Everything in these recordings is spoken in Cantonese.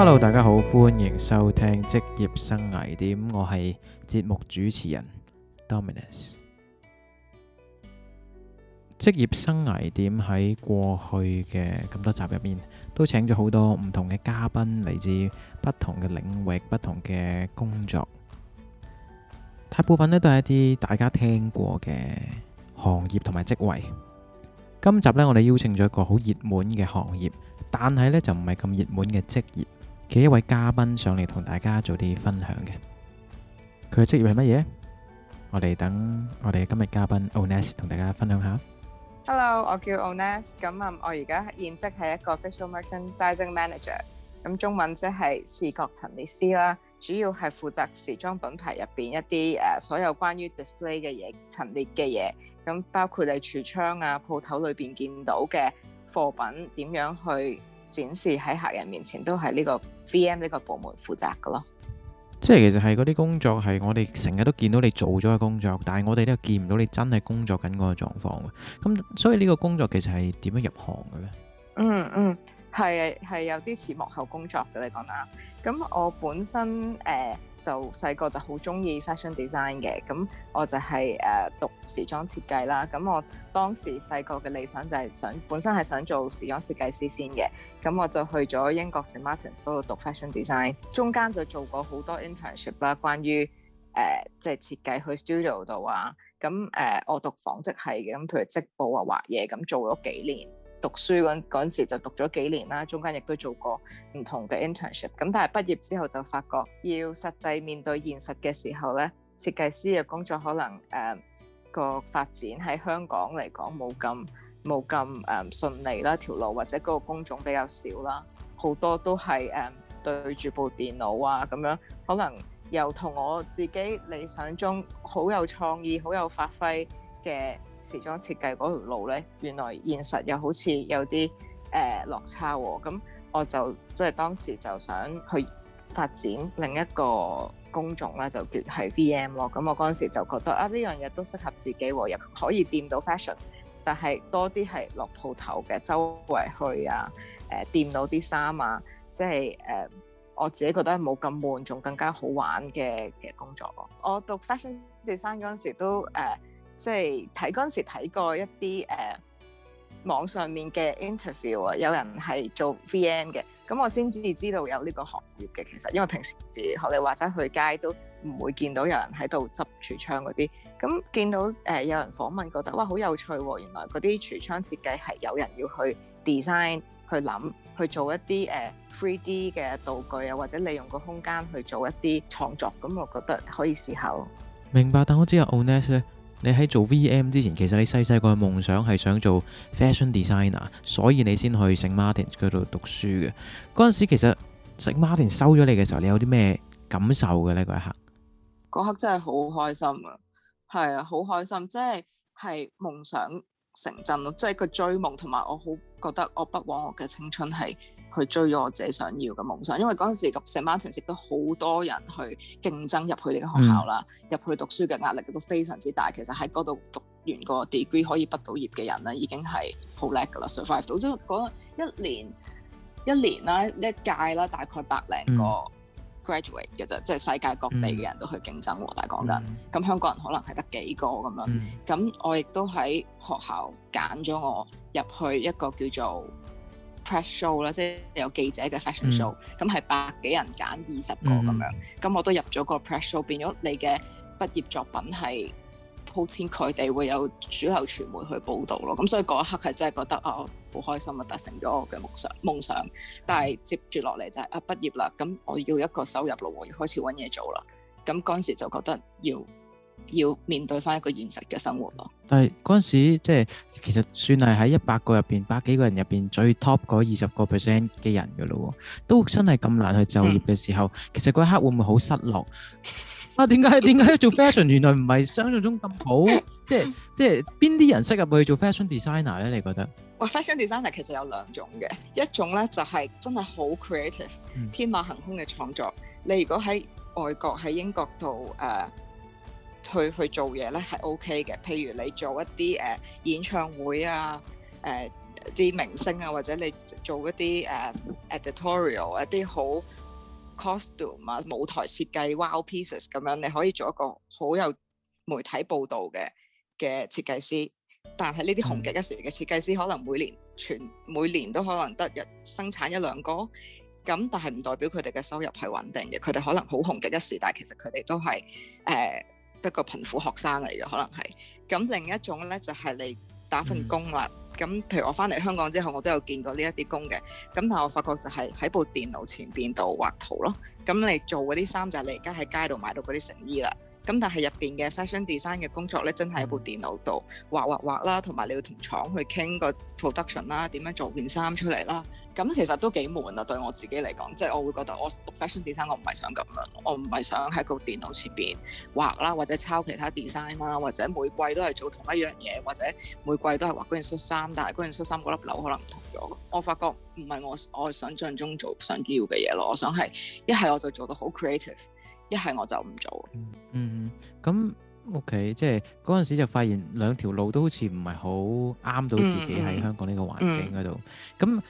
Hello，大家好，歡迎收聽《職業生涯點》，我係節目主持人 Dominus。職業生涯點喺過去嘅咁多集入面，都請咗好多唔同嘅嘉賓，嚟自不同嘅領域、不同嘅工作。大部分呢都係一啲大家聽過嘅行業同埋職位。今集呢，我哋邀請咗一個好熱門嘅行業，但係呢就唔係咁熱門嘅職業。幾位嘉賓上嚟同大家做啲分享嘅，佢嘅職業係乜嘢？我哋等我哋今日嘉賓 Onez 同大家分享下。Hello，我叫 Onez，咁啊，我而家現職係一個 Visual Merchandising Manager，咁中文即係視覺陳列師啦，主要係負責時裝品牌入邊一啲誒所有關於 display 嘅嘢、陳列嘅嘢，咁包括你櫥窗啊、鋪頭裏邊見到嘅貨品點樣去。展示喺客人面前，都係呢個 VM 呢個部門負責嘅咯。即係其實係嗰啲工作係我哋成日都見到你做咗嘅工作，但係我哋都見唔到你真係工作緊嗰個狀況。咁所以呢個工作其實係點樣入行嘅呢？嗯嗯。係係有啲似幕後工作嘅，你講啦。咁我本身誒、呃、就細個就好中意 fashion design 嘅，咁我就係、是、誒、呃、讀時裝設計啦。咁我當時細個嘅理想就係想，本身係想做時裝設計師先嘅。咁我就去咗英國 Saint Martins 嗰度讀 fashion design，中間就做過好多 internship 啦，關於誒即係設計去 studio 度啊。咁誒、呃、我讀紡織系嘅，咁譬如織布啊、畫嘢咁做咗幾年。讀書嗰嗰陣時就讀咗幾年啦，中間亦都做過唔同嘅 internship，咁但係畢業之後就發覺要實際面對現實嘅時候咧，設計師嘅工作可能誒、呃、嗰個發展喺香港嚟講冇咁冇咁誒順利啦，條路或者嗰個工種比較少啦，好多都係誒、呃、對住部電腦啊咁樣，可能又同我自己理想中好有創意、好有發揮嘅。時裝設計嗰條路咧，原來現實又好似有啲誒落差喎。咁我就即係當時就想去發展另一個工種啦，就叫係 VM 咯。咁我嗰陣時就覺得啊，呢樣嘢都適合自己，又可以掂到 fashion，但係多啲係落鋪頭嘅周圍去啊，誒掂到啲衫啊，即係誒我自己覺得冇咁悶，仲更加好玩嘅嘅工作。我讀 fashion design 嗰陣時都誒。即係睇嗰陣時睇過一啲誒、啊、網上面嘅 interview 啊，有人係做 VM 嘅，咁我先至知道有呢個行業嘅。其實因為平時學你話齋去街都唔會見到有人喺度執櫥窗嗰啲。咁見到誒、啊、有人訪問過，覺得：哇「話好有趣喎、哦。原來嗰啲櫥窗設計係有人要去 design 去諗去做一啲誒 3D 嘅道具啊，或者利用個空間去做一啲創作，咁我覺得可以試下囉。明白，但我知有 Onez 你喺做 VM 之前，其實你細細個嘅夢想係想做 fashion designer，所以你先去 Saint Martin 嗰度讀書嘅。嗰陣時其實 Saint Martin 收咗你嘅時候，你有啲咩感受嘅呢？嗰一刻，嗰刻真係好開心啊！係啊，好開心，即係係夢想成真咯，即係個追夢，同埋我好覺得我不枉我嘅青春係。去追咗我自己想要嘅夢想，因為嗰陣時成班城市都好多人去競爭入去呢間學校啦，入、嗯、去讀書嘅壓力都非常之大。其實喺嗰度讀完個 degree 可以畢到業嘅人咧，已經係好叻㗎啦，survive 到即嗰一年一年啦、啊，一屆啦、啊，大概百零個 graduate 嘅啫，即、嗯、係、就是、世界各地嘅人都去競爭喎。嗯、我大家講緊咁香港人可能係得幾個咁樣，咁、嗯、我亦都喺學校揀咗我入去一個叫做。Press show 啦，即係有記者嘅 fashion show，咁、嗯、係百幾人揀二十個咁樣，咁、嗯、我都入咗個 press show，變咗你嘅畢業作品係鋪天蓋地會有主流傳媒去報導咯，咁所以嗰一刻係真係覺得啊，好開心啊，達成咗我嘅夢想，夢想，但係接住落嚟就係、是、啊畢業啦，咁我要一個收入咯，要開始揾嘢做啦，咁嗰時就覺得要。要面對翻一個現實嘅生活咯。但係嗰陣時，即係其實算係喺一百個入邊，百幾個人入邊最 top 嗰二十個 percent 嘅人㗎咯。都真係咁難去就業嘅時候，其實嗰一刻會唔會好失落啊？點解點解做 fashion？原來唔係想像中咁好。即係即係邊啲人適合去做 fashion designer 咧？你覺得？哇！fashion designer 其實有兩種嘅，一種咧就係真係好 creative，天馬行空嘅創作。你如果喺外國喺英國度誒。去去做嘢咧係 OK 嘅，譬如你做一啲誒、呃、演唱會啊，誒、呃、啲明星啊，或者你做一啲誒、呃、editorial、啊、一啲好 costume 啊舞台設計 wow pieces 咁樣，你可以做一個好有媒體報道嘅嘅設計師。但係呢啲紅極一時嘅設計師，可能每年全每年都可能得一生產一兩個，咁但係唔代表佢哋嘅收入係穩定嘅。佢哋可能好紅極一時，但係其實佢哋都係。誒、呃。得個貧苦學生嚟嘅可能係，咁另一種咧就係、是、你打份工啦。咁、嗯、譬如我翻嚟香港之後，我都有見過呢一啲工嘅。咁但係我發覺就係喺部電腦前邊度畫圖咯。咁你做嗰啲衫就係你而家喺街度買到嗰啲成衣啦。咁但係入邊嘅 fashion design 嘅工作咧，真係喺部電腦度畫畫畫畫啦，同埋你要同廠去傾個 production 啦，點樣做件衫出嚟啦。咁其實都幾悶啦，對我自己嚟講，即係我會覺得我讀 fashion design，我唔係想咁樣，我唔係想喺個電腦前邊畫啦，或者抄其他 design 啦，或者每季都係做同一樣嘢，或者每季都係畫嗰件恤衫，但係嗰件恤衫嗰粒紐可能唔同咗。我發覺唔係我我想像中做想要嘅嘢咯，我想係一係我就做得好 creative，一係我就唔做。嗯，咁 OK，即係嗰陣時就發現兩條路都好似唔係好啱到自己喺香港呢個環境嗰度。咁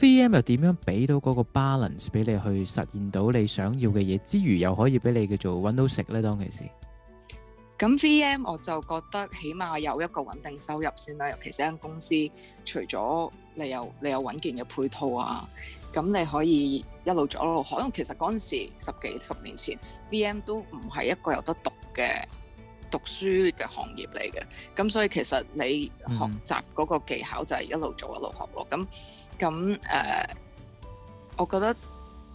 VM 又點樣俾到嗰個 balance 俾你去實現到你想要嘅嘢之餘，又可以俾你叫做揾到食咧？當其時，咁 VM 我就覺得起碼有一個穩定收入先啦，尤其是一間公司，除咗你有你有穩健嘅配套啊，咁你可以一路做一路，可能其實嗰陣時，十幾十年前，VM 都唔係一個有得讀嘅。讀書嘅行業嚟嘅，咁所以其實你學習嗰個技巧就係一路做一路學囉。咁咁誒，我覺得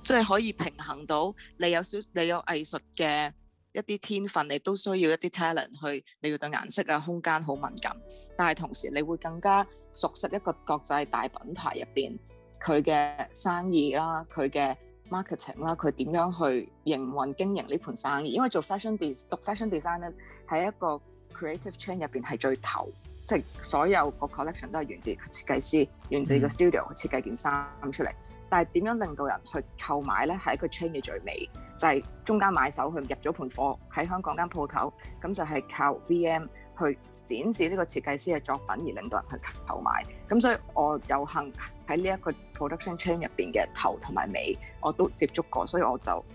即係可以平衡到你有少你有藝術嘅一啲天分，你都需要一啲 talent 去，你要對顏色啊、空間好敏感。但係同時，你會更加熟悉一個國際大品牌入面佢嘅生意啦，佢嘅。marketing 啦，佢點樣去營運經營呢盤生意？因為做 fashion design 讀 fashion design 咧，喺一個 creative chain 入邊係最頭，即係所有個 collection 都係源自設計師，源自個 studio 設計件衫咁出嚟。嗯。但係點樣令到人去購買咧？係一個 chain 嘅最尾，就係中間買手佢入咗盤貨喺香港間鋪頭，咁就係靠 VM 去展示呢個設計師嘅作品而令到人去購買。咁所以，我有幸喺呢一個 production chain 入邊嘅頭同埋尾，我都接觸過，所以我就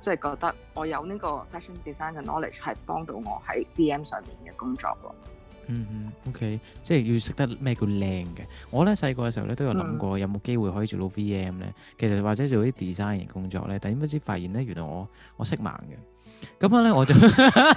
即係覺得我有呢個 fashion design 嘅 knowledge 係幫到我喺 VM 上面嘅工作咯。嗯嗯，OK，即係要識得咩叫靚嘅。我咧細個嘅時候咧都有諗過有冇機會可以做到 VM 咧，其實或者做啲 design 嘅工作咧，但係點不知發現咧，原來我我色盲嘅。咁咧，我就咁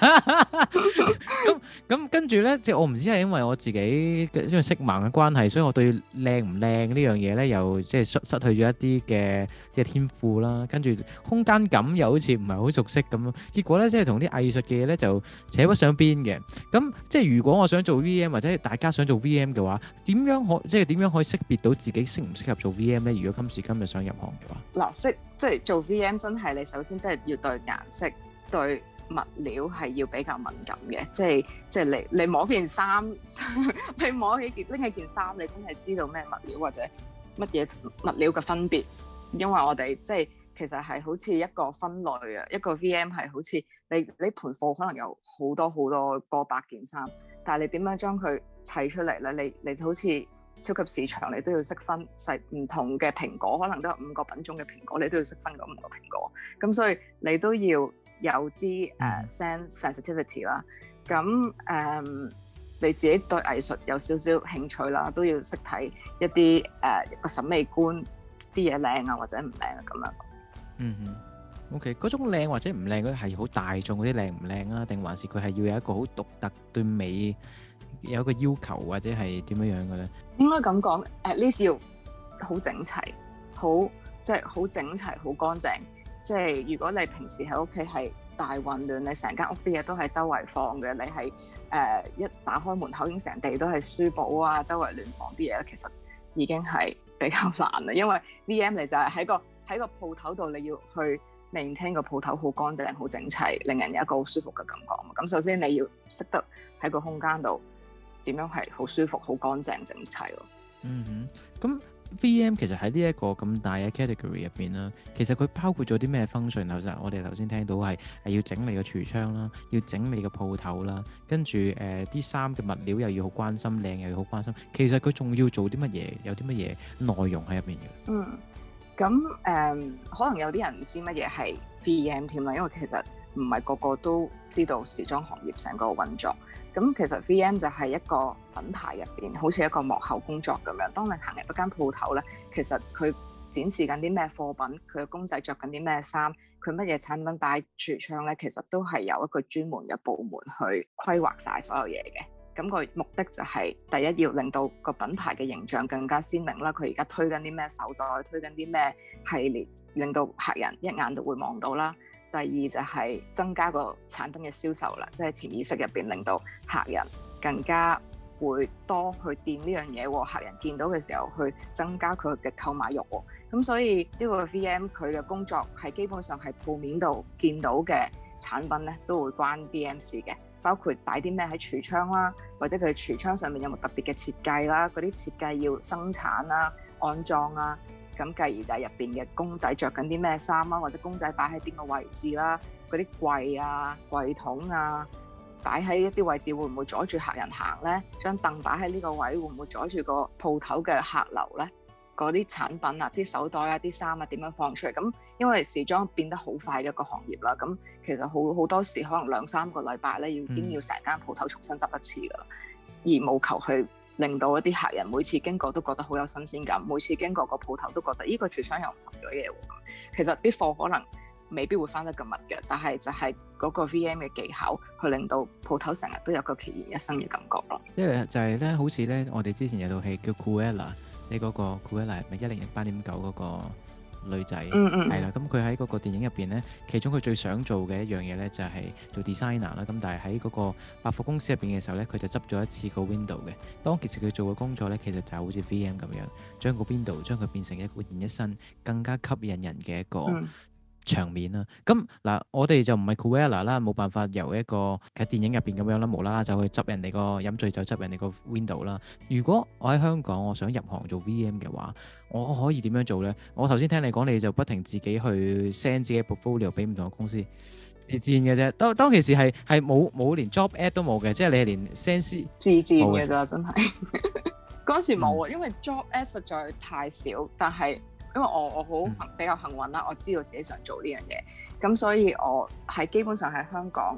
咁跟住咧，即係我唔知係因為我自己因為色盲嘅關係，所以我對靚唔靚呢樣嘢咧，又即係失失去咗一啲嘅即係天賦啦。跟住空間感又好似唔係好熟悉咁啊。結果咧，即係同啲藝術嘅嘢咧就扯不上邊嘅。咁即係如果我想做 VM 或者係大家想做 VM 嘅話，點樣可即係點樣可以識別到自己適唔適合做 VM 咧？如果今時今日想入行嘅話，嗱，識即係做 VM 真係你首先即係要對顏色。對物料係要比較敏感嘅，即係即係你你摸件衫，你摸，一件 你摸起，起件拎起件衫，你真係知道咩物料或者乜嘢物料嘅分別。因為我哋即係其實係好似一個分類啊，一個 VM 係好似你你盤貨可能有好多好多過百件衫，但係你點樣將佢砌出嚟咧？你你好似超級市場，你都要識分細唔同嘅蘋果，可能都有五個品種嘅蘋果，你都要識分嗰五個蘋果。咁所以你都要。有啲誒 sense sensitivity 啦，咁、um, 誒你自己對藝術有少少興趣啦，都要識睇一啲誒個審美觀啲嘢靚啊，或者唔靚啊咁樣。嗯嗯，OK，嗰種靚或者唔靚，佢係好大眾嗰啲靚唔靚啊？定還是佢係要有一個好獨特對美有一個要求，或者係點樣樣嘅咧？應該咁講，at least 要好整齊，好即係好整齊，好乾淨。即係如果你平時喺屋企係大混亂，你成間屋啲嘢都係周圍放嘅，你係誒、呃、一打開門口已經成地都係書簿啊，周圍亂放啲嘢，其實已經係比較難啦。因為 VM 你就係喺個喺個鋪頭度，你要去 maintain 個鋪頭好乾淨、好整齊，令人有一個好舒服嘅感覺。咁首先你要識得喺個空間度點樣係好舒服、好乾淨、整齊咯。嗯哼，咁。V.M. 其實喺呢一個咁大嘅 category 入邊啦，其實佢包括咗啲咩 function？其實我哋頭先聽到係係要整理個櫥窗啦，要整理個鋪頭啦，跟住誒啲衫嘅物料又要好關心，靚又要好關心。其實佢仲要做啲乜嘢？有啲乜嘢內容喺入邊嘅？嗯，咁誒、呃，可能有啲人唔知乜嘢係 V.M. 添啦，因為其實唔係個個都知道時裝行業成個運作。咁其實 VM 就係一個品牌入邊，好似一個幕後工作咁樣。當你行入一間鋪頭咧，其實佢展示緊啲咩貨品，佢嘅公仔着緊啲咩衫，佢乜嘢產品擺櫥窗咧，其實都係由一個專門嘅部門去規劃晒所有嘢嘅。咁個目的就係第一要令到個品牌嘅形象更加鮮明啦。佢而家推緊啲咩手袋，推緊啲咩系列，令到客人一眼就會望到啦。第二就係增加個產品嘅銷售啦，即係潛意識入邊令到客人更加會多去掂呢樣嘢喎，客人見到嘅時候去增加佢嘅購買欲喎。咁所以呢個 VM 佢嘅工作係基本上係鋪面度見到嘅產品咧，都會 VM 關 VMC 嘅，包括擺啲咩喺櫥窗啦，或者佢櫥窗上面有冇特別嘅設計啦，嗰啲設計要生產啦、安裝啊。咁繼而就係入邊嘅公仔着緊啲咩衫啊，或者公仔擺喺邊個位置啦、啊？嗰啲櫃啊、櫃桶啊，擺喺一啲位置會唔會阻住客人行呢？將凳擺喺呢個位置會唔會阻住個鋪頭嘅客流呢？嗰啲產品啊、啲手袋啊、啲衫啊，點樣放出嚟？咁因為時裝變得好快嘅一個行業啦，咁其實好好多時可能兩三個禮拜呢，要，已經要成間鋪頭重新執一次噶啦，而務求去。令到一啲客人每次經過都覺得好有新鮮感，每次經過個鋪頭都覺得呢個廚商又唔同咗嘢喎。其實啲貨可能未必會翻得咁密嘅，但係就係嗰個 VM 嘅技巧，去令到鋪頭成日都有一個奇然一生嘅感覺咯。即係就咧、是，好似咧，我哋之前有套戲叫《l 埃勒》，呢嗰個庫 l a 咪一零零八點九嗰個。女仔，嗯嗯，係啦，咁佢喺嗰個電影入邊呢，其中佢最想做嘅一樣嘢呢，就係做 designer 啦。咁但係喺嗰個百貨公司入邊嘅時候呢，佢就執咗一次個 window 嘅。當其實佢做嘅工作呢，其實就好似 VM 咁樣，將個 window 將佢變成煥然一新更加吸引人嘅一個嗯場面啦，咁嗱，我哋就唔係 Cruella 啦，冇辦法由一個喺電影入邊咁樣啦，無啦啦就去執人哋個飲醉酒就執人哋個 window 啦。如果我喺香港，我想入行做 VM 嘅話，我可以點樣做咧？我頭先聽你講，你就不停自己去 send 自己嘅 portfolio 俾唔同嘅公司自薦嘅啫。當當其時係係冇冇連 job ad 都冇嘅，即係你係連 send 自薦嘅咋，真係嗰時冇啊，因為 job ad 實在太少，但係。因為我我好幸比較幸運啦，我知道自己想做呢樣嘢，咁所以我喺基本上喺香港，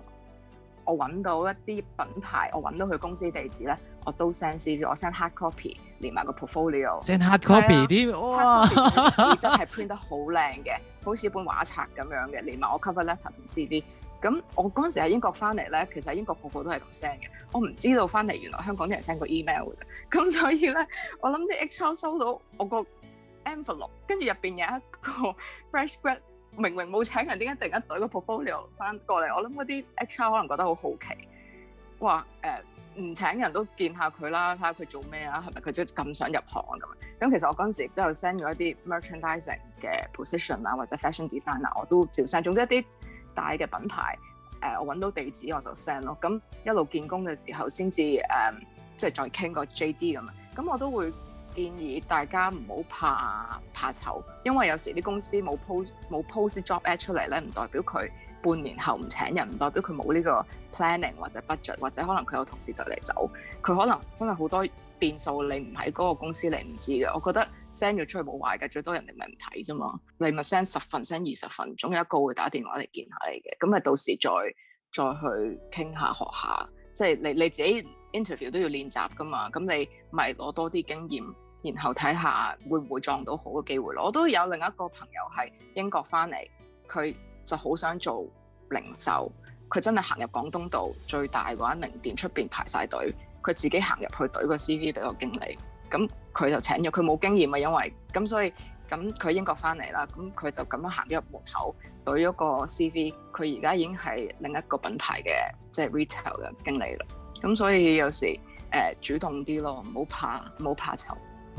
我揾到一啲品牌，我揾到佢公司地址咧，我都 send cv，我 send hard copy，連埋個 portfolio，send hard copy 啲，hard copy 嘅紙質係 print 得 好靚嘅，好似本畫冊咁樣嘅，連埋我 cover letter 同 cv。咁我嗰陣時喺英國翻嚟咧，其實喺英國個個都係咁 send 嘅，我唔知道翻嚟原來香港啲人 send 個 email 㗎，咁所以咧，我諗啲 HR 收到我個。跟住入邊有一個 fresh grad 明明冇請人，點解突然間攞個 portfolio 翻過嚟？我諗嗰啲 HR 可能覺得好好奇，哇誒，唔、呃、請人都見下佢啦，睇下佢做咩啊？係咪佢真咁想入行咁？咁其實我嗰陣時都有 send 咗一啲 merchandising 嘅 position 啊，或者 fashion designer，我都照 send。總之一啲大嘅品牌，誒、呃、我揾到地址我就 send 咯。咁一路見工嘅時候，先至誒，即、就、係、是、再傾個 JD 咁樣。咁我都會。建議大家唔好怕怕醜，因為有時啲公司冇 post 冇 post job ad 出嚟咧，唔代表佢半年後唔請人，唔代表佢冇呢個 planning 或者 budget，或者可能佢有同事就嚟走，佢可能真係好多變數，你唔喺嗰個公司你唔知嘅。我覺得 send 咗出去冇壞嘅，最多人哋咪唔睇啫嘛。你咪 send 十份 send 二十份，總有一個會打電話嚟見下你嘅。咁咪到時再再去傾下學下，即係、就是、你你自己 interview 都要練習噶嘛。咁你咪攞多啲經驗。然後睇下會唔會撞到好嘅機會咯。我都有另一個朋友係英國翻嚟，佢就好想做零售。佢真係行入廣東道最大嘅一間名店出邊排晒隊，佢自己行入去隊個 C V 俾個經理。咁佢就請咗佢。冇經驗啊，因為咁所以咁佢英國翻嚟啦，咁佢就咁樣行入門口隊嗰個 C V。佢而家已經係另一個品牌嘅即係 retail 嘅經理啦。咁所以有時誒、呃、主動啲咯，唔好怕唔好怕醜。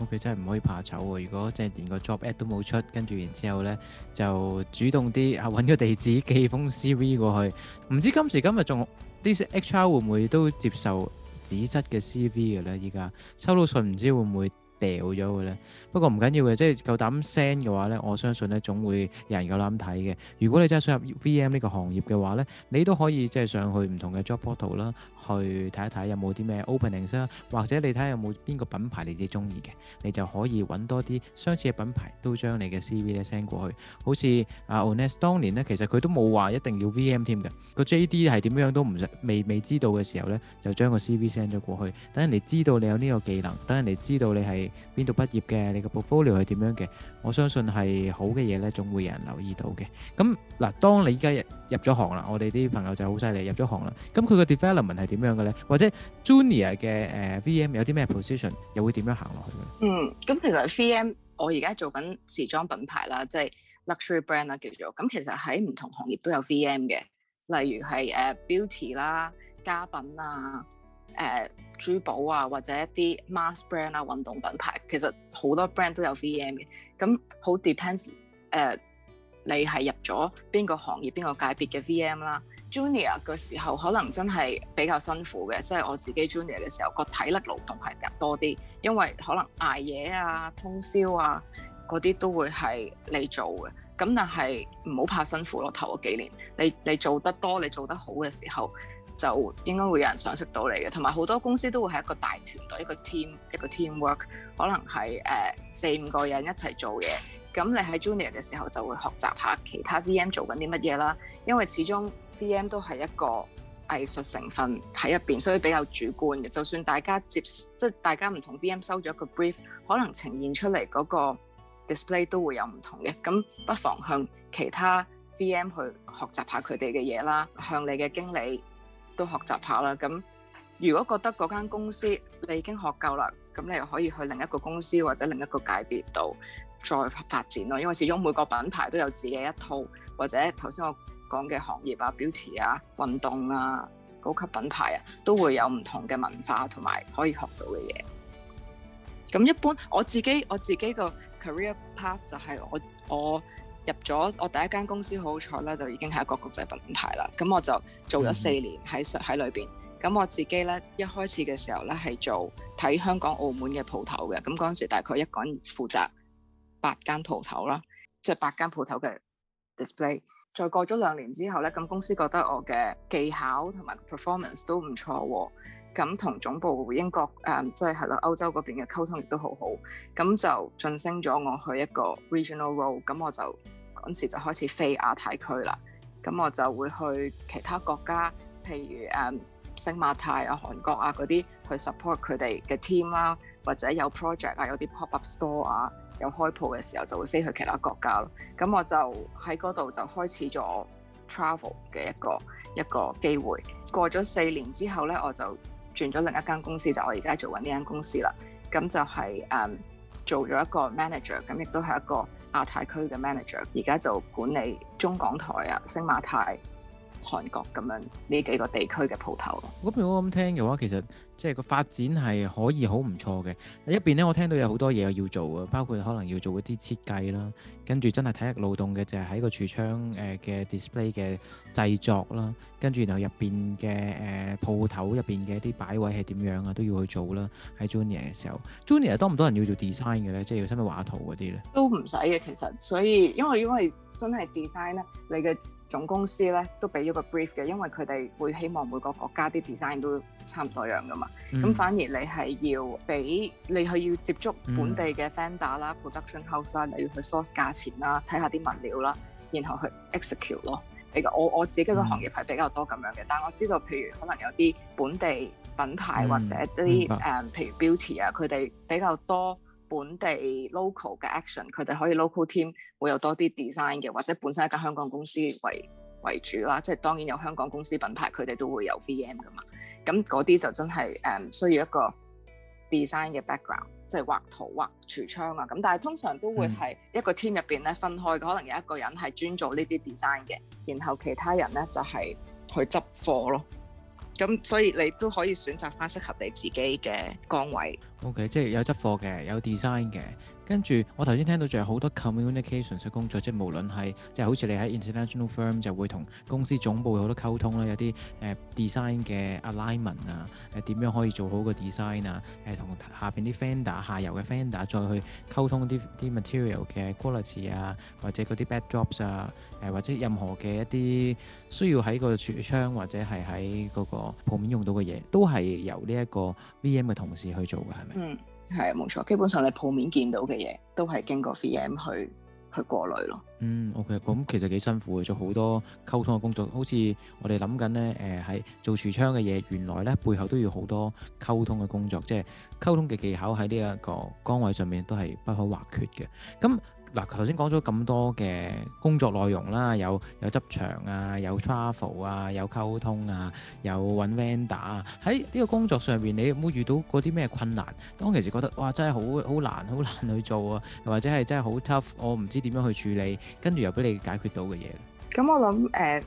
佢、okay，真係唔可以怕醜喎！如果即係連個 job ad 都冇出，跟住然之後呢，就主動啲啊，揾個地址寄封 CV 過去。唔知今時今日仲啲 HR 會唔會都接受紙質嘅 CV 嘅呢？依家收到信唔知會唔會掉咗嘅呢？不過唔緊要嘅，即係夠膽 send 嘅話呢，我相信呢總會有人夠膽睇嘅。如果你真係想入 VM 呢個行業嘅話呢，你都可以即係上去唔同嘅 job portal 啦。去睇一睇有冇啲咩 opening 啦，或者你睇下有冇邊個品牌你自己中意嘅，你就可以揾多啲相似嘅品牌，都將你嘅 CV 呢 send 過去。好似阿、啊、Ones 當年呢，其實佢都冇話一定要 VM 添嘅，個 JD 係點樣都唔未未，未知道嘅時候呢，就將個 CV send 咗過去。等人哋知道你有呢個技能，等人哋知道你係邊度畢業嘅，你個 portfolio 係點樣嘅，我相信係好嘅嘢呢，總會有人留意到嘅。咁嗱，當你依家入咗行啦，我哋啲朋友就好犀利，入咗行啦。咁佢個 development 係點樣嘅咧？或者 Junior 嘅誒 VM 有啲咩 position 又會點樣行落去咧？嗯，咁其實 VM 我而家做緊時裝品牌啦，即係 luxury brand 啦，叫做。咁其實喺唔同行業都有 VM 嘅，例如係誒 beauty 啦、家品啊、誒珠寶啊，或者一啲 mass brand 啦、運動品牌，其實好多 brand 都有 VM 嘅。咁好 depends 誒。你係入咗邊個行業、邊個界別嘅 VM 啦？Junior 嘅時候可能真係比較辛苦嘅，即係我自己 Junior 嘅時候，個體力勞動係多啲，因為可能捱夜啊、通宵啊嗰啲都會係你做嘅。咁但係唔好怕辛苦咯，頭嗰幾年你你做得多、你做得好嘅時候，就應該會有人賞識到你嘅。同埋好多公司都會係一個大團隊、一個 team、一個 teamwork，可能係誒四五個人一齊做嘢。咁你喺 Junior 嘅時候就會學習下其他 VM 做緊啲乜嘢啦，因為始終 VM 都係一個藝術成分喺入邊，所以比較主觀嘅。就算大家接即係大家唔同 VM 收咗一個 brief，可能呈現出嚟嗰個 display 都會有唔同嘅。咁不妨向其他 VM 去學習下佢哋嘅嘢啦，向你嘅經理都學習下啦。咁如果覺得嗰間公司你已經學夠啦。咁你又可以去另一個公司或者另一個界別度再發展咯，因為始終每個品牌都有自己一套，或者頭先我講嘅行業啊、beauty 啊、運動啊、高級品牌啊，都會有唔同嘅文化同埋可以學到嘅嘢。咁一般我自己我自己個 career path 就係我我入咗我第一間公司好彩咧，就已經係一個國際品牌啦。咁我就做咗四年喺上喺裏邊。嗯咁我自己咧，一開始嘅時候咧係做睇香港、澳門嘅鋪頭嘅。咁嗰陣時大概一個人負責八間鋪頭啦，即係八間鋪頭嘅 display。再過咗兩年之後咧，咁公司覺得我嘅技巧同埋 performance 都唔錯喎、啊。咁同總部英國誒，即係係啦歐洲嗰邊嘅溝通亦都好好。咁就晉升咗我去一個 regional role。咁我就嗰陣時就開始飛亞太區啦。咁我就會去其他國家，譬如誒。嗯星馬泰啊、韓國啊嗰啲去 support 佢哋嘅 team 啦，或者有 project 啊、有啲 pop-up store 啊、有開鋪嘅時候就會飛去其他國家咯。咁我就喺嗰度就開始咗 travel 嘅一個一個機會。過咗四年之後呢，我就轉咗另一間公司，就是、我而家做緊呢間公司啦。咁就係、是、誒、嗯、做咗一個 manager，咁亦都係一個亞太區嘅 manager。而家就管理中港台啊、星馬泰。韓國咁樣呢幾個地區嘅鋪頭咯，咁如果咁聽嘅話，其實。即係個發展係可以好唔錯嘅。一邊咧，我聽到有好多嘢要做啊，包括可能要做一啲設計啦，跟住真係體力勞動嘅就係喺個櫥窗嘅 display 嘅製作啦，跟住然後入面嘅誒鋪頭入面嘅一啲擺位係點樣啊，都要去做啦。喺 Junior 嘅時候，Junior 多唔多人要做 design 嘅咧？即係要使唔使畫圖嗰啲咧？都唔使嘅，其實所以因為因為真係 design 咧，你嘅總公司咧都俾咗個 brief 嘅，因為佢哋會希望每個國家啲 design 都差唔多樣噶嘛。咁、嗯、反而你係要俾你係要接觸本地嘅 vendor 啦、嗯，production house 啦，又要去 source 價錢啦，睇下啲物料啦，然後去 execute 咯。我我自己個行業係比較多咁樣嘅、嗯，但我知道譬如可能有啲本地品牌、嗯、或者啲、啊、譬如 beauty 啊，佢哋比較多本地 local 嘅 action，佢哋可以 local team 會有多啲 design 嘅，或者本身一間香港公司為為主啦，即係當然有香港公司品牌，佢哋都會有 VM 噶嘛。咁嗰啲就真係誒需要一個 design 嘅 background，即係畫圖畫櫥窗啊。咁但係通常都會係一個 team 入邊咧分開，可能有一個人係專做呢啲 design 嘅，然後其他人咧就係去執貨咯。咁所以你都可以選擇返適合你自己嘅崗位。O.K. 即係有執貨嘅，有 design 嘅，跟住我頭先聽到仲有好多 communications 嘅工作，即係無論係即係好似你喺 international firm 就會同公司總部有好多溝通啦，有啲 design 嘅 alignment 啊，誒點樣可以做好個 design 啊，同下邊啲 vendor 下游嘅 vendor 再去溝通啲啲 material 嘅 quality 啊，或者嗰啲 backdrops 啊，誒，或者任何嘅一啲需要喺個櫥窗或者係喺嗰個鋪面用到嘅嘢，都係由呢一個 VM 嘅同事去做嘅。嗯，係冇錯，基本上你鋪面見到嘅嘢都係經過 VM 去去過濾咯、嗯。嗯，OK，咁其實幾辛苦嘅，做好多溝通嘅工作。好似我哋諗緊呢，誒、呃、喺做櫥窗嘅嘢，原來呢，背後都要好多溝通嘅工作，即係溝通嘅技巧喺呢一個崗位上面都係不可或缺嘅。咁嗱，頭先講咗咁多嘅工作內容啦，有有執場啊，有 travel 啊，有溝通啊，有揾 vendor 啊，喺呢個工作上面，你有冇遇到嗰啲咩困難？當其時覺得哇，真係好好難，好難去做啊，又或者係真係好 tough，我唔知點樣去處理，跟住又俾你解決到嘅嘢咧。咁我諗誒、呃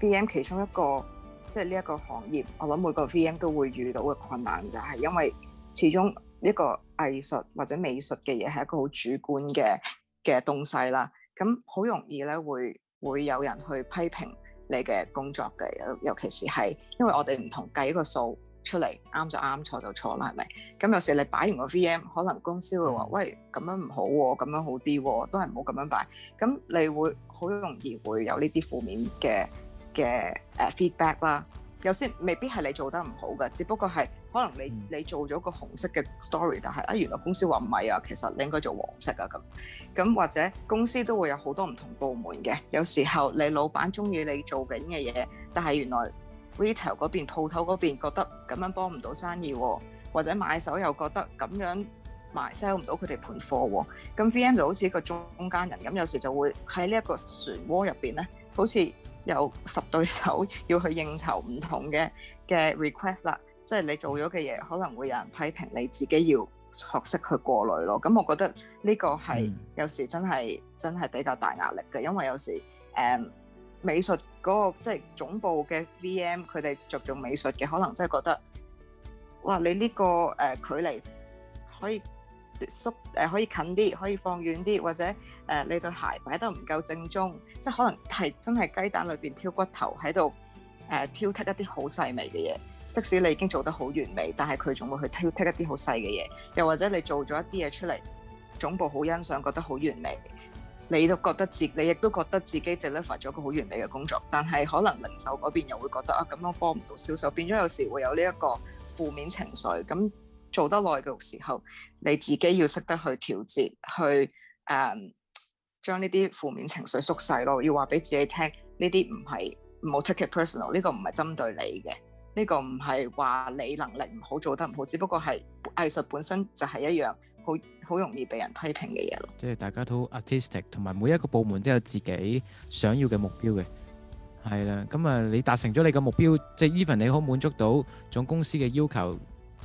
，VM 其中一個即係呢一個行業，我諗每個 VM 都會遇到嘅困難就係因為始終一個藝術或者美術嘅嘢係一個好主觀嘅。嘅東西啦，咁好容易咧，會會有人去批評你嘅工作嘅，尤其是係因為我哋唔同計一個數出嚟，啱就啱，錯就錯啦，係咪？咁有時你擺完個 VM，可能公司會話：「喂，咁樣唔好喎、啊，咁樣好啲喎、啊，都係唔好咁樣擺。咁你會好容易會有呢啲負面嘅嘅誒 feedback 啦。有時未必係你做得唔好嘅，只不過係可能你你做咗個紅色嘅 story，但係啊原來公司話唔係啊，其實你應該做黃色啊咁。咁或者公司都會有好多唔同部門嘅，有時候你老闆中意你做緊嘅嘢，但係原來 retail 嗰邊鋪頭嗰邊覺得咁樣幫唔到生意，或者買手又覺得咁樣賣 sell 唔到佢哋盤貨喎，咁 VM 就好似一個中間人，咁有時就會喺呢一個漩渦入邊咧，好似～有十對手要去應酬唔同嘅嘅 request 啦，即係你做咗嘅嘢可能會有人批評，你自己要學識去過濾咯。咁我覺得呢個係有時真係真係比較大壓力嘅，因為有時誒美術嗰個即係總部嘅 VM，佢哋着重美術嘅，可能真係覺得哇你呢個誒距離可以。縮誒可以近啲，可以放遠啲，或者誒、呃、你對鞋擺得唔夠正宗，即係可能係真係雞蛋裏邊挑骨頭喺度誒挑剔一啲好細微嘅嘢。即使你已經做得好完美，但係佢仲會去挑剔一啲好細嘅嘢。又或者你做咗一啲嘢出嚟，總部好欣賞，覺得好完美，你都覺得自你亦都覺得自己 deliver 咗個好完美嘅工作，但係可能零售嗰邊又會覺得啊，咁我幫唔到銷售，變咗有時會有呢一個負面情緒咁。做得耐嘅時候，你自己要識得去調節，去誒將呢啲負面情緒縮細咯。要話俾自己聽，呢啲唔係，唔好 take it personal，呢個唔係針對你嘅，呢個唔係話你能力唔好，做得唔好，只不過係藝術本身就係一樣好好容易被人批評嘅嘢咯。即係大家都 artistic，同埋每一個部門都有自己想要嘅目標嘅，係啦。咁啊，你達成咗你嘅目標，即係 even 你好滿足到總公司嘅要求。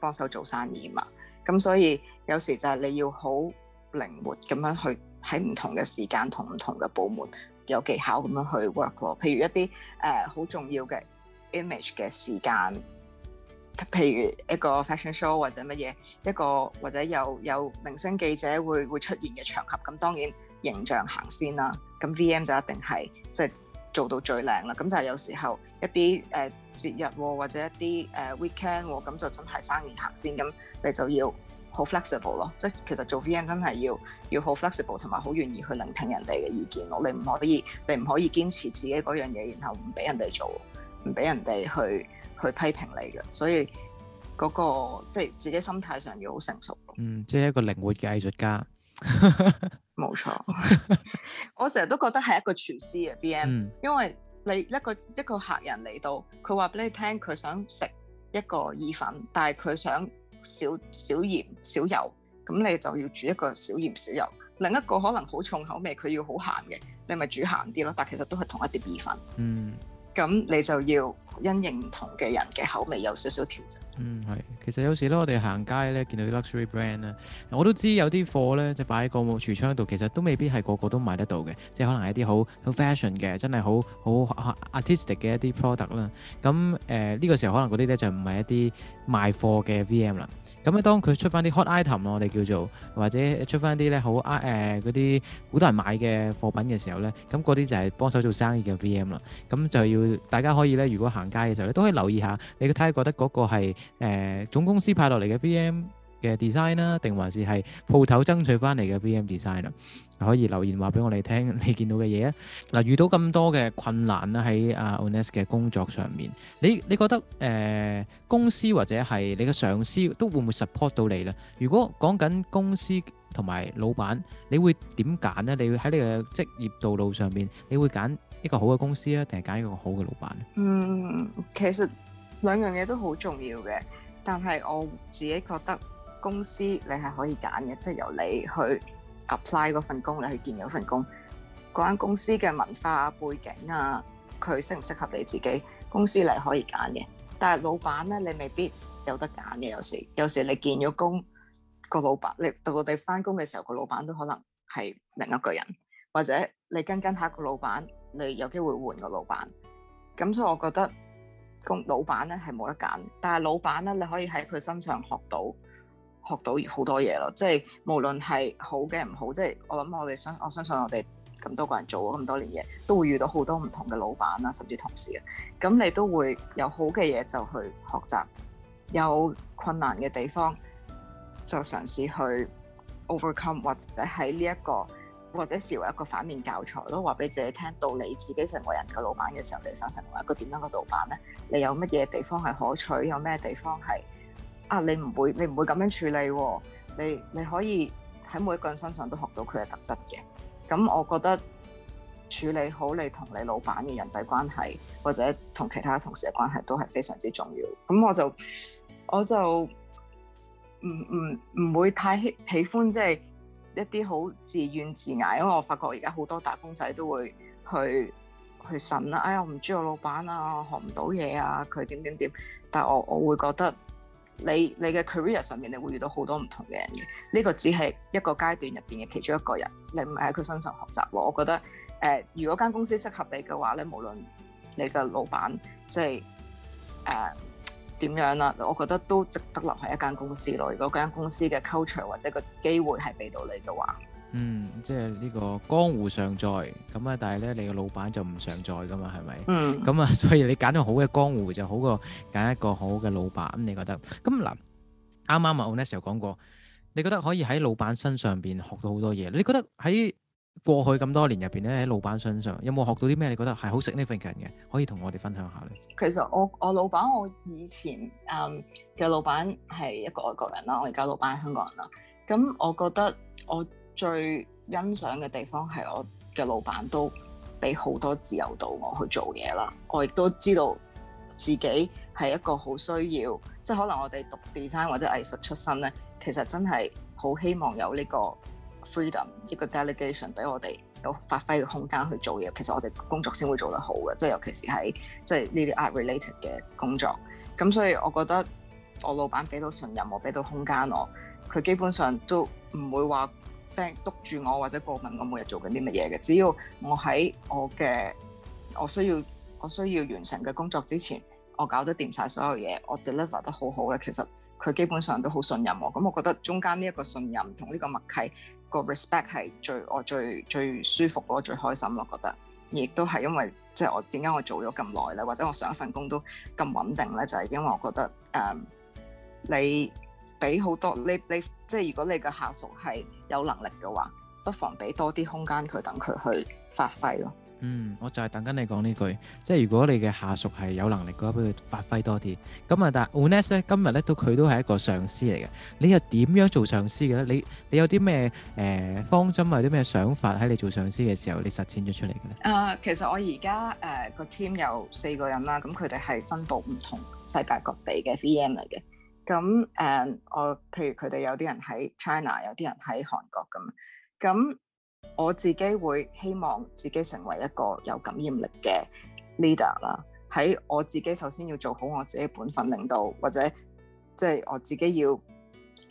幫手做生意嘛，咁所以有時就係你要好靈活咁樣去喺唔同嘅時間同唔同嘅部門有技巧咁樣去 work 咯。譬如一啲誒好重要嘅 image 嘅時間，譬如一個 fashion show 或者乜嘢，一個或者有有明星記者會會出現嘅場合，咁當然形象行先啦。咁 VM 就一定係即係做到最靚啦。咁就係有時候一啲誒。呃節日或者一啲誒 weekend 喎，咁就真係生意行先咁，你就要好 flexible 咯。即係其實做 VM 真係要要好 flexible，同埋好願意去聆聽人哋嘅意見咯。你唔可以，你唔可以堅持自己嗰樣嘢，然後唔俾人哋做，唔俾人哋去去批評你嘅。所以嗰個即係自己心態上要好成熟。嗯，即係一個靈活嘅藝術家，冇 錯。 我成日都覺得係一個廚師嘅 VM，嗯，因為。你一個一個客人嚟到，佢話俾你聽，佢想食一個意粉，但係佢想少少鹽、少油，咁你就要煮一個少鹽少油。另一個可能好重口味，佢要好鹹嘅，你咪煮鹹啲咯。但其實都係同一碟意粉。嗯，咁你就要。因認同嘅人嘅口味有少少調整。嗯，係，其實有時咧，我哋行街咧，見到啲 luxury brand 我都知有啲貨咧，就擺喺個櫥窗度，其實都未必係個個都買得到嘅，即係可能一啲好好 fashion 嘅，真係好好 artistic 嘅一啲 product 啦。咁、呃、呢、呢個時候可能嗰啲咧就唔係一啲賣貨嘅 VM 啦。咁咧當佢出翻啲 hot item 我哋叫做或者出翻啲咧好誒嗰啲好多人買嘅貨品嘅時候咧，咁嗰啲就係幫手做生意嘅 VM 啦。咁就要大家可以咧，如果行街嘅時候咧，都可以留意下你嘅睇，覺得嗰個係誒總公司派落嚟嘅 VM 嘅 design 啦，定還是係鋪頭爭取翻嚟嘅 VM design 啊？嗱，可以留言話俾我哋聽你見到嘅嘢啊！嗱，遇到咁多嘅困難啦，喺阿 Onez 嘅工作上面，你你覺得誒公司或者係你嘅上司都會唔會 support 到你啦？如果講緊公司同埋老闆，你會點揀咧？你會喺你嘅職業道路上面，你會揀？一個好嘅公司啊，定係揀一個好嘅老闆？嗯，其實兩樣嘢都好重要嘅，但係我自己覺得公司你係可以揀嘅，即係由你去 apply 嗰份工，你去見咗份工，嗰間公司嘅文化背景啊，佢適唔適合你自己？公司你可以揀嘅，但係老闆咧，你未必有得揀嘅。有時有時你見咗工個老闆，你到到地翻工嘅時候，個老闆都可能係另一個人，或者你跟跟下個老闆。你有機會換個老闆，咁所以我覺得公老闆咧係冇得揀，但係老闆咧你可以喺佢身上學到學到好多嘢咯。即係無論係好嘅唔好，即係我諗我哋相我相信我哋咁多個人做咗咁多年嘢，都會遇到好多唔同嘅老闆啦，甚至同事啊。咁你都會有好嘅嘢就去學習，有困難嘅地方就嘗試去 overcome，或者喺呢一個。或者視為一個反面教材咯，話俾自己聽，到你自己成為人嘅老闆嘅時候，你想成為一個點樣嘅老闆呢？你有乜嘢地方係可取，有咩地方係啊？你唔會，你唔會咁樣處理。你你可以喺每一個人身上都學到佢嘅特質嘅。咁我覺得處理好你同你老闆嘅人際關係，或者同其他同事嘅關係，都係非常之重要。咁我就我就唔唔唔會太喜喜歡即係。就是一啲好自怨自艾，因為我發覺而家好多打工仔都會去去呻啦、啊，哎呀我唔中意我老闆啊，學唔到嘢啊，佢點點點。但係我我會覺得你你嘅 career 上面，你會遇到好多唔同嘅人嘅，呢、這個只係一個階段入邊嘅其中一個人，你唔係喺佢身上學習咯。我覺得誒、呃，如果間公司適合你嘅話咧，你無論你嘅老闆即係誒。就是呃點樣啦？我覺得都值得留喺一間公司咯。如果間公司嘅 culture 或者個機會係俾到你嘅話，嗯，即係呢個江湖尚在咁啊，但係咧你個老闆就唔尚在噶嘛，係咪？嗯。咁啊，所以你揀咗好嘅江湖就好過揀一個好嘅老闆。咁你覺得？咁嗱，啱啱啊，Onez 又講過，你覺得可以喺老闆身上邊學到好多嘢。你覺得喺？過去咁多年入邊咧，喺老闆身上有冇學到啲咩？你覺得係好食呢份嘅，可以同我哋分享下咧。其實我我老闆我以前誒嘅老闆係一個外國人啦，我而家老闆係香港人啦。咁我覺得我最欣賞嘅地方係我嘅老闆都俾好多自由度我去做嘢啦。我亦都知道自己係一個好需要，即係可能我哋讀 design 或者藝術出身咧，其實真係好希望有呢個 freedom 一個 delegation 俾我哋有發揮嘅空間去做嘢，其實我哋工作先會做得好嘅，即係尤其是喺即係呢啲 art related 嘅工作。咁所以我覺得我老闆俾到信任我，俾到空間我，佢基本上都唔會話盯督住我或者過問我每日做緊啲乜嘢嘅。只要我喺我嘅我需要我需要完成嘅工作之前，我搞得掂晒所有嘢，我 deliver 得好好咧，其實佢基本上都好信任我。咁我覺得中間呢一個信任同呢個默契。個 respect 係最我最最舒服咯，最開心咯，我覺得，亦都係因為即係、就是、我點解我做咗咁耐咧？或者我上一份工都咁穩定咧？就係、是、因為我覺得誒、嗯，你俾好多你你即係如果你嘅下屬係有能力嘅話，不妨俾多啲空間佢，等佢去發揮咯。嗯，我就係等緊你講呢句，即係如果你嘅下屬係有能力嘅話，俾佢發揮多啲。咁啊但係 Onez 咧，今日咧都佢都係一個上司嚟嘅。你又點樣做上司嘅咧？你你有啲咩誒方針或者啲咩想法喺你做上司嘅時候，你實踐咗出嚟嘅咧？誒，其實我而家誒個 team 有四個人啦，咁佢哋係分佈唔同世界各地嘅 VM 嚟嘅。咁誒，我譬如佢哋有啲人喺 China，有啲人喺韓國咁。我自己會希望自己成為一個有感染力嘅 leader 啦，喺我自己首先要做好我自己本分令到領導或者即係、就是、我自己要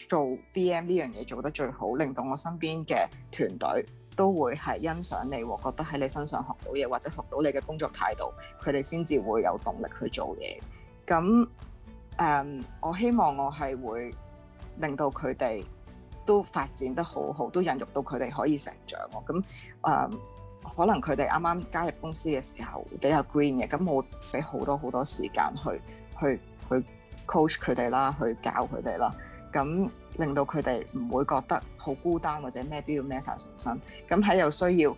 做 VM 呢樣嘢做得最好，令到我身邊嘅團隊都會係欣賞你，覺得喺你身上學到嘢，或者學到你嘅工作態度，佢哋先至會有動力去做嘢。咁誒、嗯，我希望我係會令到佢哋都發展得好好，都孕育到佢哋可以成長咯。咁誒、呃，可能佢哋啱啱加入公司嘅時候會比較 green 嘅，咁我俾好多好多時間去去去 coach 佢哋啦，去教佢哋啦。咁令到佢哋唔會覺得好孤單或者咩都要孭晒信心。咁喺有需要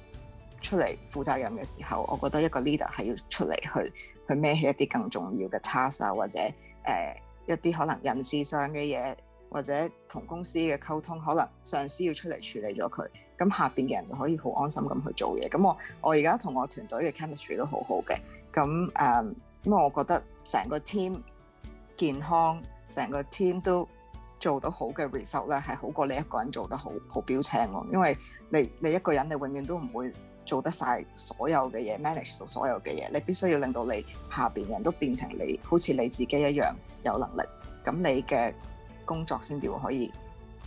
出嚟負責任嘅時候，我覺得一個 leader 係要出嚟去去孭起一啲更重要嘅 task 或者誒、呃、一啲可能人事上嘅嘢。或者同公司嘅溝通，可能上司要出嚟處理咗佢，咁下邊嘅人就可以好安心咁去做嘢。咁我我而家同我團隊嘅 chemistry 都好好嘅。咁誒、嗯，因為我覺得成個 team 健康，成個 team 都做到好嘅 result 咧，係好過你一個人做得好好標青咯。因為你你一個人，你永遠都唔會做得晒所有嘅嘢，manage 做所有嘅嘢。你必須要令到你下邊人都變成你好似你自己一樣有能力。咁你嘅工作先至會可以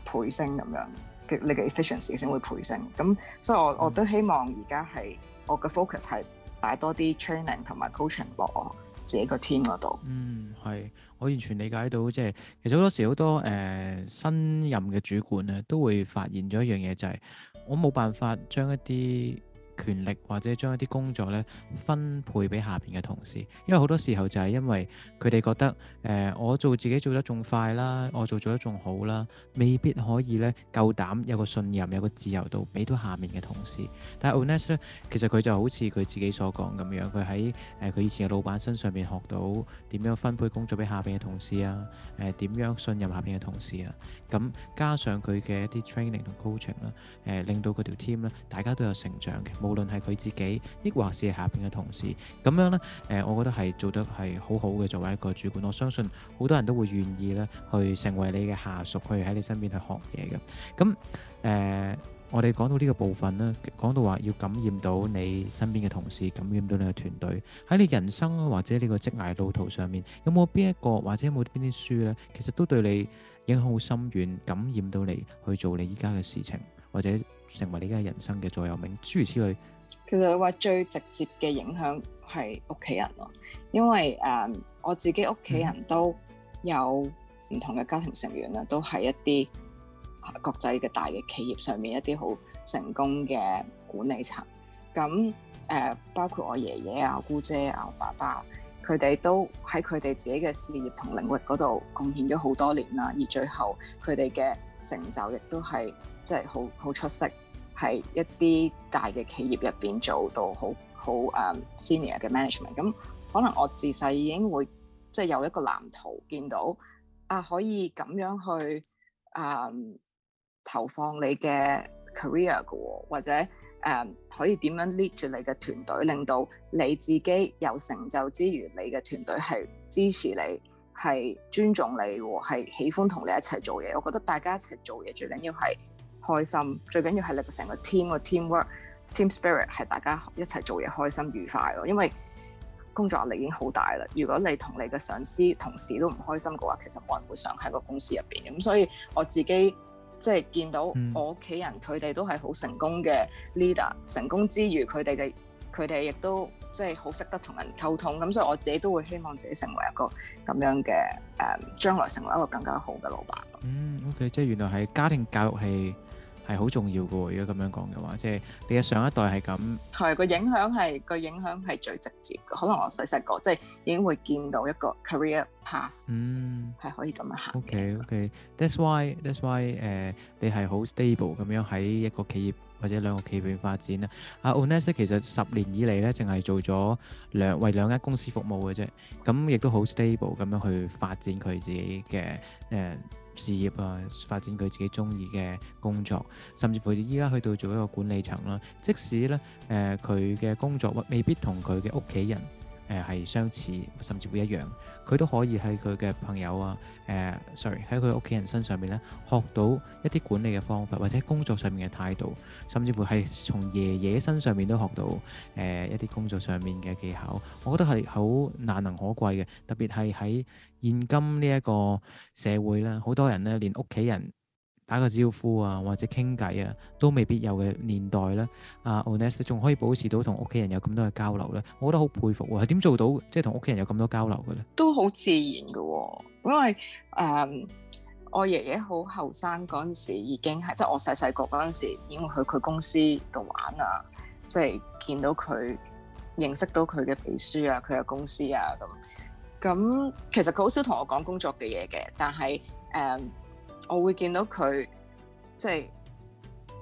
倍升咁樣嘅，你嘅 efficiency 先會倍升。咁所以我、嗯、我都希望而家係我嘅 focus 係擺多啲 training 同埋 coaching 落我自己個 team 嗰度。嗯，係，我完全理解到，即係其實好多時好多誒、呃、新任嘅主管咧，都會發現咗一樣嘢，就係、係、我冇辦法將一啲權力或者將一啲工作咧分配俾下邊嘅同事，因為好多時候就係因為佢哋覺得誒、呃、我做自己做得仲快啦，我做做得仲好啦，未必可以咧夠膽有個信任有個自由度俾到下面嘅同事。但係 Onez 咧，其實佢就好似佢自己所講咁樣，佢喺誒佢以前嘅老闆身上面學到點樣分配工作俾下邊嘅同事啊，誒、呃、點樣信任下邊嘅同事啊，咁加上佢嘅一啲 training 同 coaching 啦，誒、呃、令到嗰條 team 咧大家都有成長嘅。無論係佢自己，亦或是下邊嘅同事，咁樣呢，誒，我覺得係做得係好好嘅，作為一個主管，我相信好多人都會願意呢去成為你嘅下屬，去喺你身邊去學嘢嘅。咁，誒、呃，我哋講到呢個部分呢，講到話要感染到你身邊嘅同事，感染到你嘅團隊，喺你人生或者呢個職涯路途上面，有冇邊一個或者有冇邊啲書呢？其實都對你影響好深遠，感染到你去做你而家嘅事情。或者成為你而家人生嘅座右銘，諸如此類。其實你話最直接嘅影響係屋企人咯，因為誒、呃、我自己屋企人都有唔同嘅家庭成員啦、嗯，都係一啲國際嘅大嘅企業上面一啲好成功嘅管理層。咁誒、呃，包括我爺爺啊、我姑姐啊、我爸爸，佢哋都喺佢哋自己嘅事業同領域嗰度貢獻咗好多年啦。而最後佢哋嘅成就亦都係。即係好好出色，係一啲大嘅企業入邊做到好好，um, senior 嘅 management。咁可能我自細已經會即係有一個藍圖見到啊，可以咁樣去誒、啊、投放你嘅 career 噶、哦，或者誒、um, 可以點樣 lead 住你嘅團隊令到你自己有成就之餘你嘅團隊係支持你，係尊重你、哦，係喜歡同你一齊做嘢。我覺得大家一齊做嘢最緊要係。開心最緊要係你成個 team 個 teamwork team spirit 係大家一齊做嘢開心愉快咯，因為工作壓力已經好大啦。如果你同你嘅上司同事都唔開心嘅話，其實冇人會想喺個公司入邊。咁所以我自己即係見到我屋企人佢哋、嗯、都係好成功嘅 leader，成功之餘佢哋嘅佢哋亦都即係好識得同人溝通。咁所以我自己都會希望自己成為一個咁樣嘅誒，將來成為一個更加好嘅老闆。嗯，OK，即係原來喺家庭教育係。係好重要嘅喎，如果咁樣講嘅話，即係你嘅上一代係咁。係、個影響係、個影響係最直接嘅，可能我細細個即係已經會見到一個 career path，係、嗯、可以咁樣行的。OK OK，That's why That's why 誒、呃、你係好 stable 咁樣喺一個企業或者兩個企業發展啊。阿、uh, Onez 其實十年以嚟咧，淨係做咗兩為兩間公司服務嘅啫，咁亦都好 stable 咁樣去發展佢自己嘅誒。呃事業啊，發展佢自己中意嘅工作，甚至乎佢哋依家去到做一個管理層啦。即使咧，誒佢嘅工作未必同佢嘅屋企人，誒、呃、係相似，甚至會一樣，佢都可以喺佢嘅朋友啊，誒、呃、sorry，喺佢屋企人身上面咧，學到一啲管理嘅方法，或者工作上面嘅態度，甚至乎係從爺爺身上面都學到誒、呃、一啲工作上面嘅技巧。我覺得係好難能可貴嘅，特別係喺現今呢一個社會啦，好多人咧連屋企人。打個招呼啊，或者傾偈啊，都未必有嘅年代咧。阿 Onez 仲可以保持到同屋企人有咁多嘅交流咧，我覺得好佩服。點做到即係同屋企人有咁多交流嘅咧？都好自然噶，因為誒，我爺爺好後生嗰陣時已經係，即係我細細個嗰陣時，已經去佢公司度玩啊，即係見到佢，認識到佢嘅秘書啊，佢嘅公司啊咁。咁其實佢好少同我講工作嘅嘢嘅，但係誒。我會見到佢，即係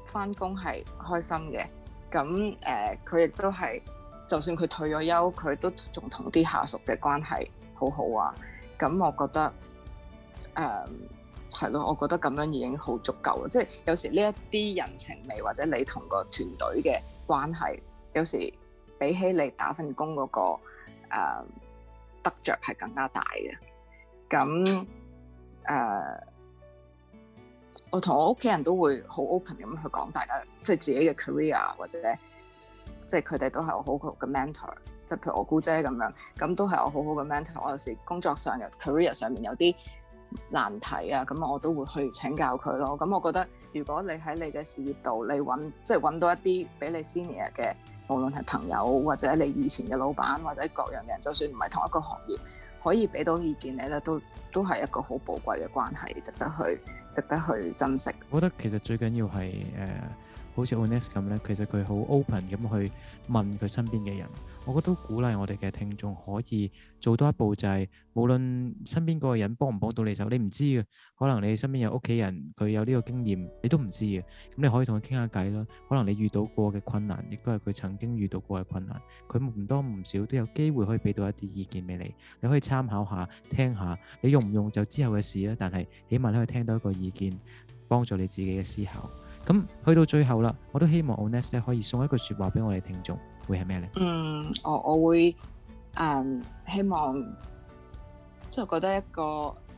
翻工係開心嘅。咁誒，佢亦都係，就算佢退咗休，佢都仲同啲下屬嘅關係好好啊。咁我覺得誒，係咯，我覺得咁樣已經好足夠啦。即係有時呢一啲人情味，或者你同個團隊嘅關係，有時比起你打份工嗰個誒得着係更加大嘅。咁誒。呃我同我屋企人都會好 open 咁去講，大家即係自己嘅 career 或者即係佢哋都係我好好嘅 mentor，即係譬如我姑姐咁樣，咁都係我好好嘅 mentor。我有時工作上嘅 career 上面有啲難題啊，咁我都會去請教佢咯。咁我覺得如果你喺你嘅事業度，你揾即係揾到一啲比你 senior 嘅，無論係朋友或者你以前嘅老闆或者各樣嘅人，就算唔係同一個行業，可以俾到意見你咧，都都係一個好寶貴嘅關係，值得去，值得去珍惜。我覺得其實最緊要係，呃，好似 Onez 咁咧，其實佢好 open 咁去問佢身邊嘅人。我覺得鼓勵我哋嘅聽眾可以做多一步，就是，就係無論身邊嗰個人幫唔幫到你手，你唔知嘅，可能你身邊有屋企人，佢有呢個經驗，你都唔知嘅，咁你可以同佢傾下偈啦。可能你遇到過嘅困難，亦都係佢曾經遇到過嘅困難，佢唔多唔少都有機會可以俾到一啲意見俾你，你可以參考下，聽下，你用唔用就之後嘅事啦。但係，起碼你可以聽到一個意見，幫助你自己嘅思考。咁去到最後啦，我都希望 Onez 咧可以送一句說話俾我哋聽眾。會係咩咧？嗯，我我會誒、嗯、希望即係覺得一個，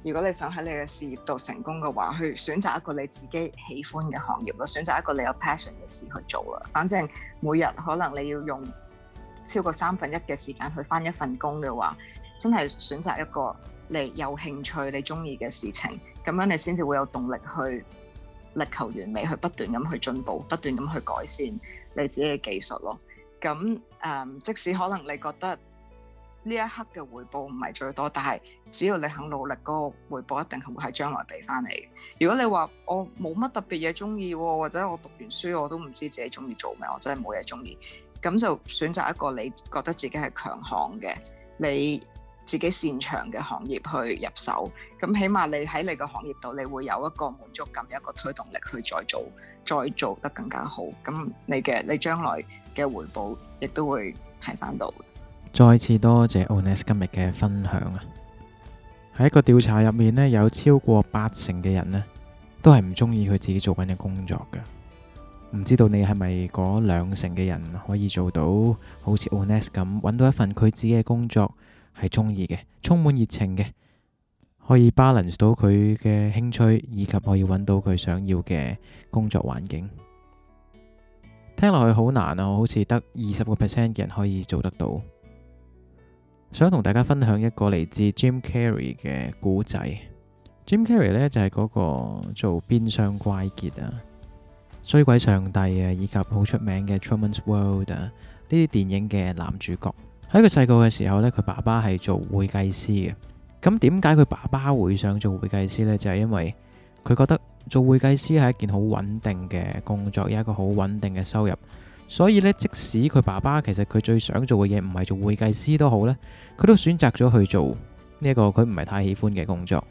如果你想喺你嘅事業度成功嘅話，去選擇一個你自己喜歡嘅行業啦，選擇一個你有 passion 嘅事去做啦。反正每日可能你要用超過三分一嘅時間去返一份工嘅話，真係選擇一個你有興趣、你中意嘅事情，咁樣你先至會有動力去力求完美，去不斷咁去進步，不斷咁去改善你自己嘅技術咯。咁誒，即使可能你覺得呢一刻嘅回報唔係最多，但係只要你肯努力，個回報一定係會喺將來俾翻你。如果你話我冇乜特別嘢中意，或者我讀完書我都唔知自己中意做咩，我真係冇嘢中意。咁就選擇一個你覺得自己係強項嘅，你自己擅長嘅行業去入手。咁起碼你喺你嘅行業度，你會有一個滿足感，一個推動力去再做，再做得更加好。咁你嘅你將來。嘅回報亦都會睇翻到。再次多謝 Onez 今日嘅分享啊！喺一個調查入面呢，有超過八成嘅人呢，都係唔中意佢自己做緊嘅工作嘅。唔知道你係咪嗰兩成嘅人可以做到好似 Onez 咁，揾到一份佢自己嘅工作係中意嘅，充滿熱情嘅，可以 balance 到佢嘅興趣，以及可以揾到佢想要嘅工作環境。聽落去好難啊，好似得二十個 percent 嘅人可以做得到。想同大家分享一個嚟自 Jim Carrey 嘅故仔。Jim Carrey 呢就係嗰個做邊商《變相怪傑》啊、《衰鬼上帝》啊以及好出名嘅《Truman's World》啊呢啲電影嘅男主角。喺佢細個嘅時候呢，佢爸爸係做會計師嘅。咁點解佢爸爸會想做會計師呢？就係因為佢覺得做會計師係一件好穩定嘅工作，有一個好穩定嘅收入，所以呢，即使佢爸爸其實佢最想做嘅嘢唔係做會計師都好呢，佢都選擇咗去做呢一個佢唔係太喜歡嘅工作。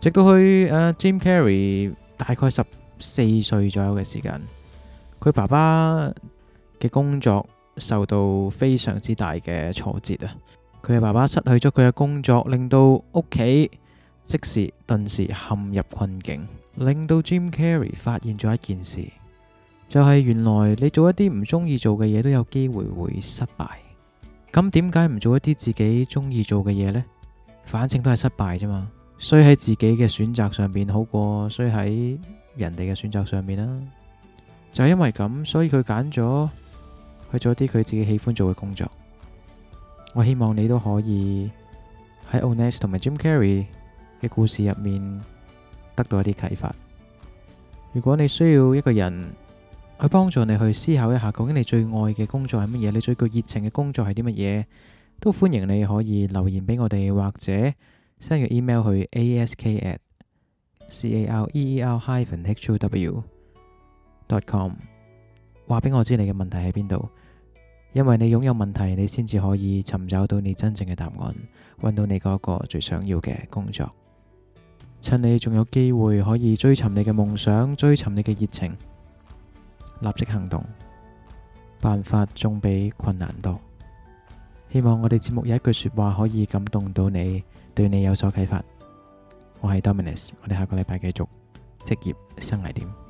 直到佢誒 Jim Carrey 大概十四歲左右嘅時間，佢爸爸嘅工作受到非常之大嘅挫折啊！佢嘅爸爸失去咗佢嘅工作，令到屋企，即時頓時陷入困境，令到 Jim Carrey 發現咗一件事，就係原來你做一啲唔中意做嘅嘢都有機會會失敗。咁點解唔做一啲自己中意做嘅嘢呢？反正都係失敗啫嘛，衰喺自己嘅選擇上面好過衰喺人哋嘅選擇上面啦。就係因為咁，所以佢揀咗去做一啲佢自己喜歡做嘅工作。我希望你都可以喺 Onez 同埋 Jim Carrey。嘅故事入面得到一啲啟發。如果你需要一個人去幫助你去思考一下，究竟你最愛嘅工作係乜嘢？你最具熱情嘅工作係啲乜嘢？都歡迎你可以留言俾我哋，或者 send 個 email 去 ask at c a r e e r hyphen h o w dot com，話俾我知你嘅問題喺邊度。因為你擁有問題，你先至可以尋找到你真正嘅答案，揾到你嗰個最想要嘅工作。趁你仲有機會可以追尋你嘅夢想，追尋你嘅熱情，立即行動。辦法仲比困難多。希望我哋節目有一句說話可以感動到你，對你有所啟發。我係 Dominus，我哋下個禮拜繼續職業生涯點。